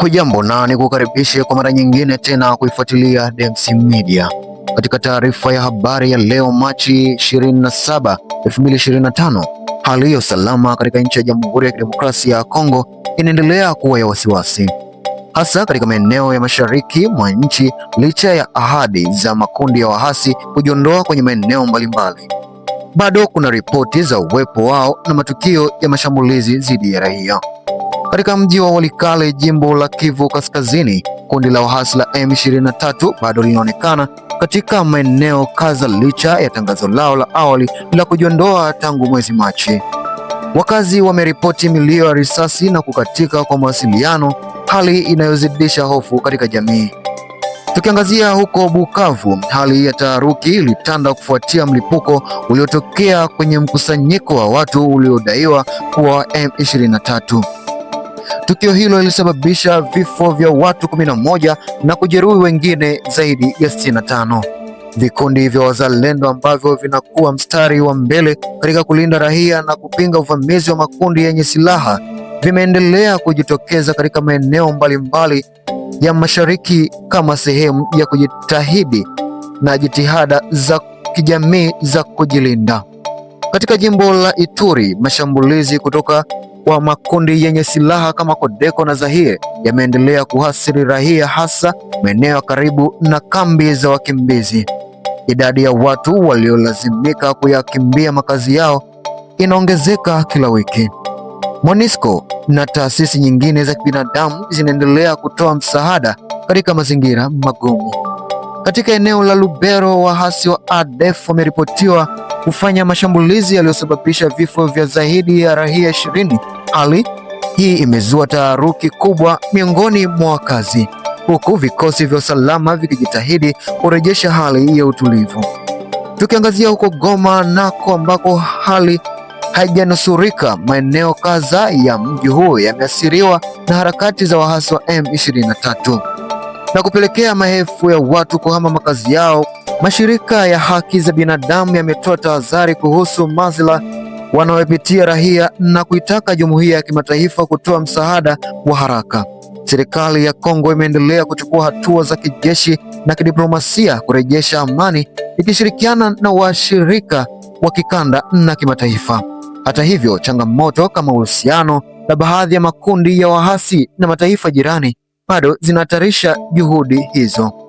Hujambo na nikukaribishe kwa mara nyingine tena kuifuatilia Dems Media katika taarifa ya habari ya leo Machi 27, 2025. Hali ya usalama katika nchi ya Jamhuri ya Kidemokrasia ya Kongo inaendelea kuwa ya wasiwasi, hasa katika maeneo ya mashariki mwa nchi, licha ya ahadi za makundi ya waasi kujiondoa kwenye maeneo mbalimbali bado kuna ripoti za uwepo wao na matukio ya mashambulizi dhidi ya raia. Katika mji wa Walikale, jimbo la Kivu Kaskazini, kundi la waasi la M23 bado linaonekana katika maeneo kaza licha ya tangazo lao la awali la kujiondoa tangu mwezi Machi. Wakazi wameripoti milio ya risasi na kukatika kwa mawasiliano, hali inayozidisha hofu katika jamii. Tukiangazia huko Bukavu, hali ya taharuki ilitanda kufuatia mlipuko uliotokea kwenye mkusanyiko wa watu uliodaiwa kuwa M23. Tukio hilo lilisababisha vifo vya watu 11 na kujeruhi wengine zaidi ya 65. Vikundi vya wazalendo ambavyo vinakuwa mstari wa mbele katika kulinda raia na kupinga uvamizi wa makundi yenye silaha vimeendelea kujitokeza katika maeneo mbalimbali ya mashariki kama sehemu ya kujitahidi na jitihada za kijamii za kujilinda. Katika jimbo la Ituri, mashambulizi kutoka wa makundi yenye silaha kama Kodeko na Zaire yameendelea kuhasiri raia, hasa maeneo ya karibu na kambi za wakimbizi. Idadi ya watu waliolazimika kuyakimbia makazi yao inaongezeka kila wiki. monisco na taasisi nyingine za kibinadamu zinaendelea kutoa msaada katika mazingira magumu. Katika eneo la Lubero, waasi wa ADF wameripotiwa kufanya mashambulizi yaliyosababisha vifo vya zaidi ya raia 20. Hali hii imezua taharuki kubwa miongoni mwa wakazi, huku vikosi vya usalama vikijitahidi kurejesha hali ya utulivu. Tukiangazia huko Goma nako ambako hali haijanusurika. Maeneo kadhaa ya mji huo yameathiriwa na harakati za waasi wa M23 na kupelekea maelfu ya watu kuhama makazi yao Mashirika ya haki za binadamu yametoa tahadhari kuhusu mazila wanayopitia raia na kuitaka jumuiya ya kimataifa kutoa msaada wa haraka. Serikali ya Kongo imeendelea kuchukua hatua za kijeshi na kidiplomasia kurejesha amani ikishirikiana na washirika wa kikanda na kimataifa. Hata hivyo, changamoto kama uhusiano na baadhi ya makundi ya waasi na mataifa jirani bado zinahatarisha juhudi hizo.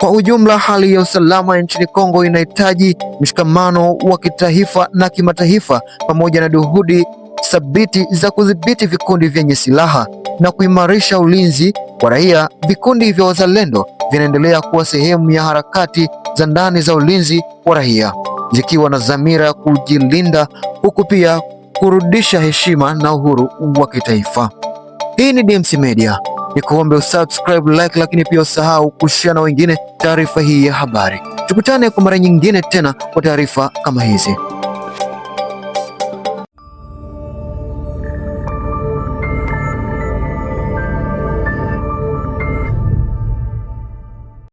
Kwa ujumla, hali ya usalama nchini Kongo inahitaji mshikamano wa kitaifa na kimataifa pamoja na juhudi thabiti za kudhibiti vikundi vyenye silaha na kuimarisha ulinzi kwa raia. Vikundi vya wazalendo vinaendelea kuwa sehemu ya harakati za ndani za ulinzi wa raia, zikiwa na dhamira ya kujilinda, huku pia kurudisha heshima na uhuru wa kitaifa. Hii ni DMC Media ni kuombe usubscribe, like, lakini pia usahau kushare na wengine taarifa hii ya habari. Tukutane kwa mara nyingine tena kwa taarifa kama hizi.